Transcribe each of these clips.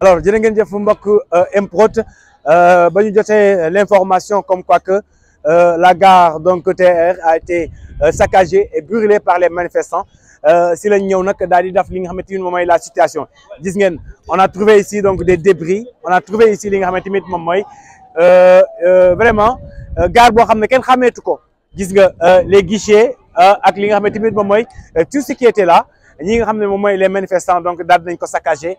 alors jërë ngeen jëf mbokk euh, Mprod euh, ba ñu jotee l'information comme quoi que euh, la gare donc TER a été euh, saccagée et brûlée par les manifestants si lañ ñëw nag daal di def li nga xamante ni moom mooy la situation gis ngeen on a trouvé ici donc des débris on a trouvé ici li nga xamante ni moom mooy vraiment gare boo xam ne kenn xàmmeetu ko gis nga les guichets ak li nga xamante ni moom mooy tout ce qui était là ñi nga xam ne moom mooy les manifestants donc daal di nañ ko saccagé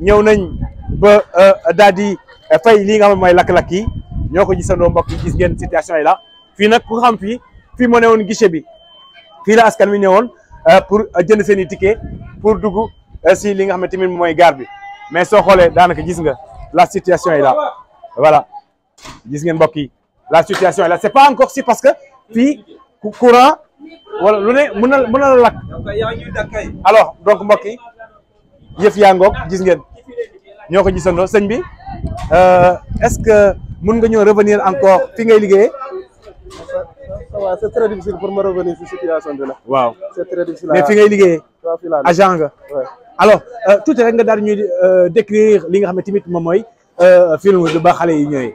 ñëw nañ ba euh, daal di fay lii nga xam ne mooy lakk-lakk ñoo ko gisandoo mbokk yi gis ngeen situation yi la fii nag ku xam fii fii moo ne woon guichet bi fii la askan wi ne woon euh, pour jënd seen i ticket pour dugg euh, si li nga xam ne tamit mooy gare bi mais soo xoolee daanaka gis nga la situation yi la voilà gis ngeen mbokk yi la situation yi la c'est pas encore si parce que fii courant wala lu ne mën na mën na la mbokk yi yëf yaa ngoog gis ngeen ñoo ko gisandoo sëñ bi euh, est-ce que mën nga ñoo revenir encore fi ngay liggéeyee. waaw c'est très difficile pour ma situation bi la. waaw mais fi ngay liggéeyee. agent nga. alors euh, tuuti rek nga daal ñuy euh, décrire li nga xam ne tamit moom mooy film bi ba xale yi ñëwee.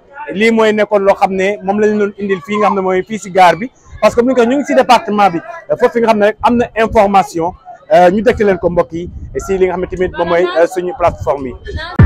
li moy nekkoon lo xamné mom lañ doon indil euh, fi nga xamné moy mooy fii parce que nous, ñu ko département bi fofu nga xamné informations, rek information ñu dekk leen ko mbokk yi si li nga tamit euh, plateforme